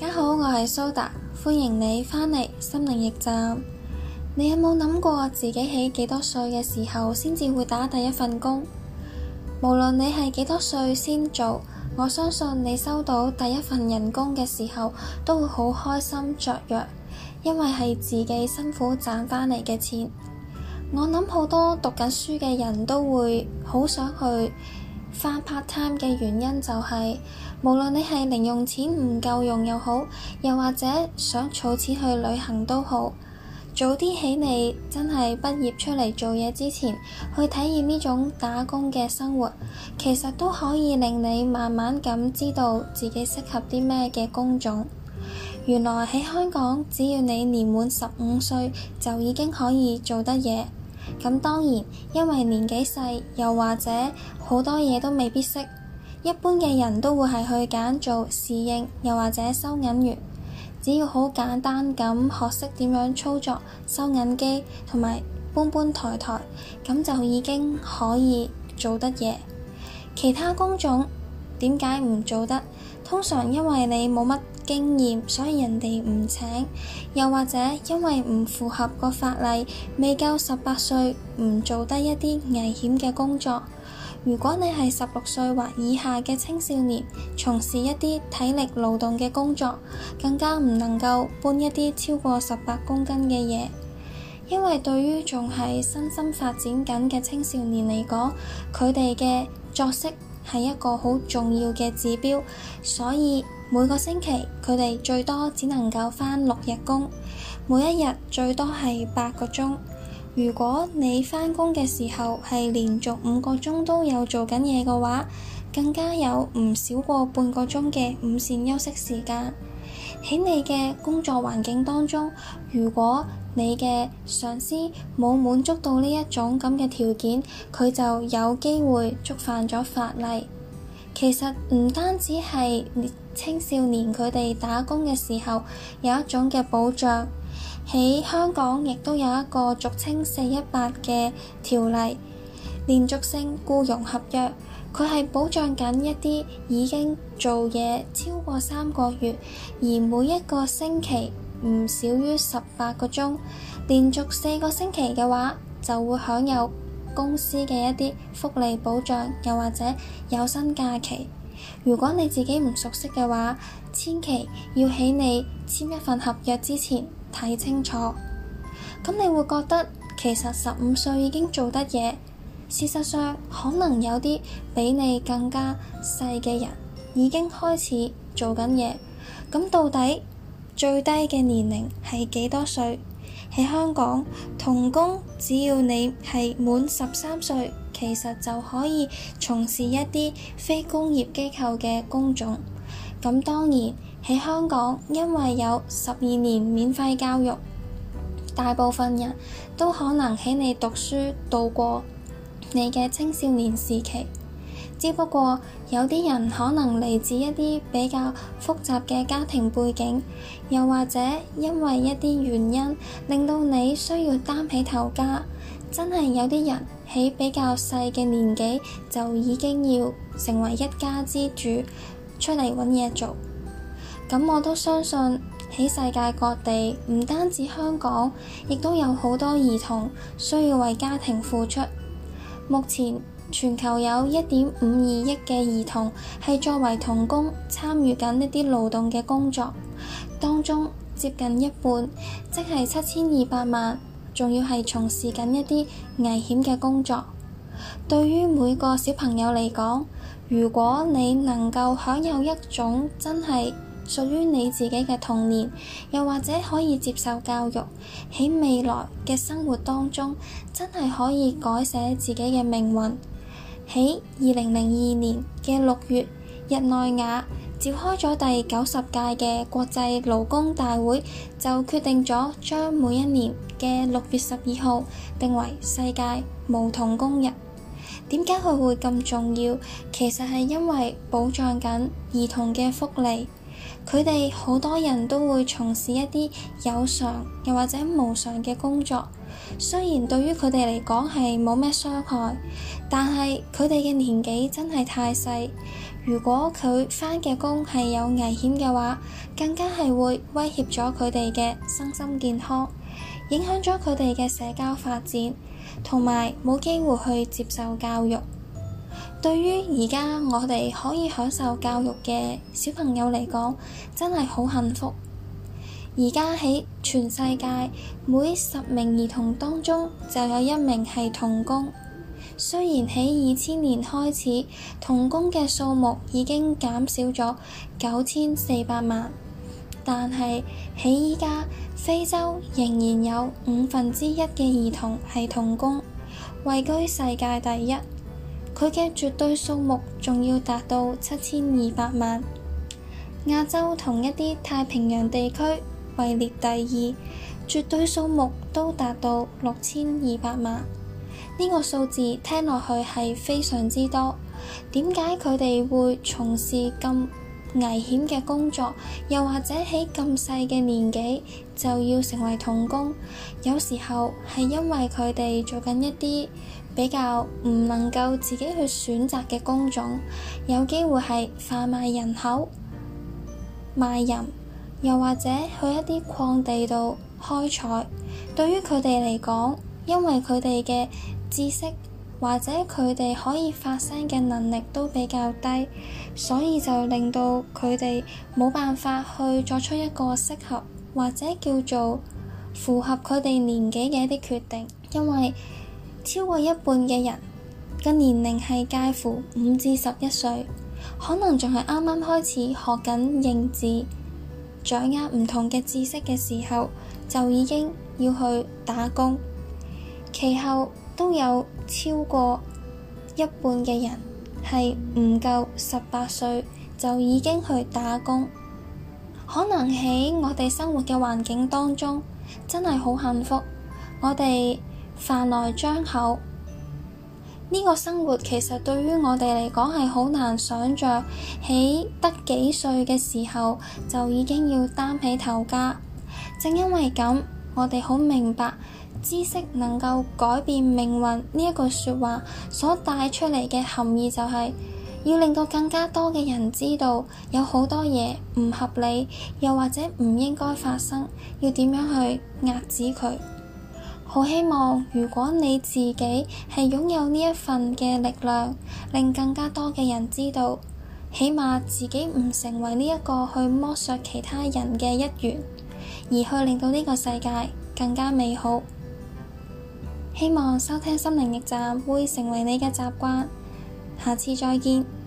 大家好，我係蘇達，歡迎你返嚟心靈驛站。你有冇諗過自己喺幾多歲嘅時候先至會打第一份工？無論你係幾多歲先做，我相信你收到第一份人工嘅時候，都會好開心雀躍，因為係自己辛苦賺翻嚟嘅錢。我諗好多讀緊書嘅人都會好想去翻 part time 嘅原因就係，無論你係零用錢唔夠用又好，又或者想儲錢去旅行都好，早啲喺你真係畢業出嚟做嘢之前，去體驗呢種打工嘅生活，其實都可以令你慢慢咁知道自己適合啲咩嘅工種。原來喺香港，只要你年滿十五歲，就已經可以做得嘢。咁當然，因為年紀細，又或者好多嘢都未必識，一般嘅人都會係去揀做侍應，又或者收銀員。只要好簡單咁學識點樣操作收銀機，同埋搬搬抬抬，咁就已經可以做得嘢。其他工種。點解唔做得？通常因為你冇乜經驗，所以人哋唔請。又或者因為唔符合個法例，未夠十八歲唔做得一啲危險嘅工作。如果你係十六歲或以下嘅青少年，從事一啲體力勞動嘅工作，更加唔能夠搬一啲超過十八公斤嘅嘢，因為對於仲係身心發展緊嘅青少年嚟講，佢哋嘅作息係一個好重要嘅指標，所以每個星期佢哋最多只能夠返六日工，每一日最多係八個鐘。如果你返工嘅時候係連續五個鐘都有做緊嘢嘅話，更加有唔少過半個鐘嘅午膳休息時間。喺你嘅工作環境當中，如果你嘅上司冇滿足到呢一種咁嘅條件，佢就有機會觸犯咗法例。其實唔單止係青少年佢哋打工嘅時候有一種嘅保障，喺香港亦都有一個俗稱四一八嘅條例，連續性僱傭合約。佢係保障緊一啲已經做嘢超過三個月，而每一個星期唔少於十八個鐘，連續四個星期嘅話就會享有公司嘅一啲福利保障，又或者有薪假期。如果你自己唔熟悉嘅話，千祈要喺你簽一份合約之前睇清楚。咁你會覺得其實十五歲已經做得嘢。事實上，可能有啲比你更加細嘅人已經開始做緊嘢。咁到底最低嘅年齡係幾多歲？喺香港，童工只要你係滿十三歲，其實就可以從事一啲非工業機構嘅工種。咁當然，喺香港，因為有十二年免費教育，大部分人都可能喺你讀書度過。你嘅青少年時期，只不過有啲人可能嚟自一啲比較複雜嘅家庭背景，又或者因為一啲原因令到你需要擔起頭家，真係有啲人喺比較細嘅年紀就已經要成為一家之主，出嚟揾嘢做。咁我都相信喺世界各地，唔單止香港，亦都有好多兒童需要為家庭付出。目前全球有一點五二億嘅兒童係作為童工參與緊呢啲勞動嘅工作，當中接近一半，即係七千二百萬，仲要係從事緊一啲危險嘅工作。對於每個小朋友嚟講，如果你能夠享有一種真係。屬於你自己嘅童年，又或者可以接受教育，喺未來嘅生活當中真係可以改寫自己嘅命運。喺二零零二年嘅六月，日內瓦召開咗第九十屆嘅國際勞工大會，就決定咗將每一年嘅六月十二號定為世界無童工日。點解佢會咁重要？其實係因為保障緊兒童嘅福利。佢哋好多人都會從事一啲有償又或者無償嘅工作，雖然對於佢哋嚟講係冇咩傷害，但係佢哋嘅年紀真係太細。如果佢返嘅工係有危險嘅話，更加係會威脅咗佢哋嘅身心健康，影響咗佢哋嘅社交發展，同埋冇機會去接受教育。對於而家我哋可以享受教育嘅小朋友嚟講，真係好幸福。而家喺全世界每十名兒童當中就有一名係童工。雖然喺二千年開始童工嘅數目已經減少咗九千四百萬，但係喺而家非洲仍然有五分之一嘅兒童係童工，位居世界第一。佢嘅絕對數目仲要達到七千二百萬，亞洲同一啲太平洋地區位列第二，絕對數目都達到六千二百萬。呢個數字聽落去係非常之多，點解佢哋會從事咁危險嘅工作，又或者喺咁細嘅年紀就要成為童工，有時候係因為佢哋做緊一啲比較唔能夠自己去選擇嘅工種，有機會係販賣人口、賣人，又或者去一啲礦地度開採。對於佢哋嚟講，因為佢哋嘅知識。或者佢哋可以發聲嘅能力都比較低，所以就令到佢哋冇辦法去作出一個適合或者叫做符合佢哋年紀嘅一啲決定。因為超過一半嘅人嘅年齡係介乎五至十一歲，可能仲係啱啱開始學緊認字、掌握唔同嘅知識嘅時候，就已經要去打工。其後。都有超過一半嘅人係唔夠十八歲就已經去打工，可能喺我哋生活嘅環境當中，真係好幸福。我哋飯來張口，呢、這個生活其實對於我哋嚟講係好難想像，喺得幾歲嘅時候就已經要擔起頭家。正因為咁。我哋好明白，知識能夠改變命運呢一句說話所帶出嚟嘅含義，就係，就係要令到更加多嘅人知道有好多嘢唔合理，又或者唔應該發生，要點樣去遏止佢。好希望如果你自己係擁有呢一份嘅力量，令更加多嘅人知道，起碼自己唔成為呢一個去剝削其他人嘅一員。而去令到呢個世界更加美好。希望收聽心靈驛站會成為你嘅習慣。下次再見。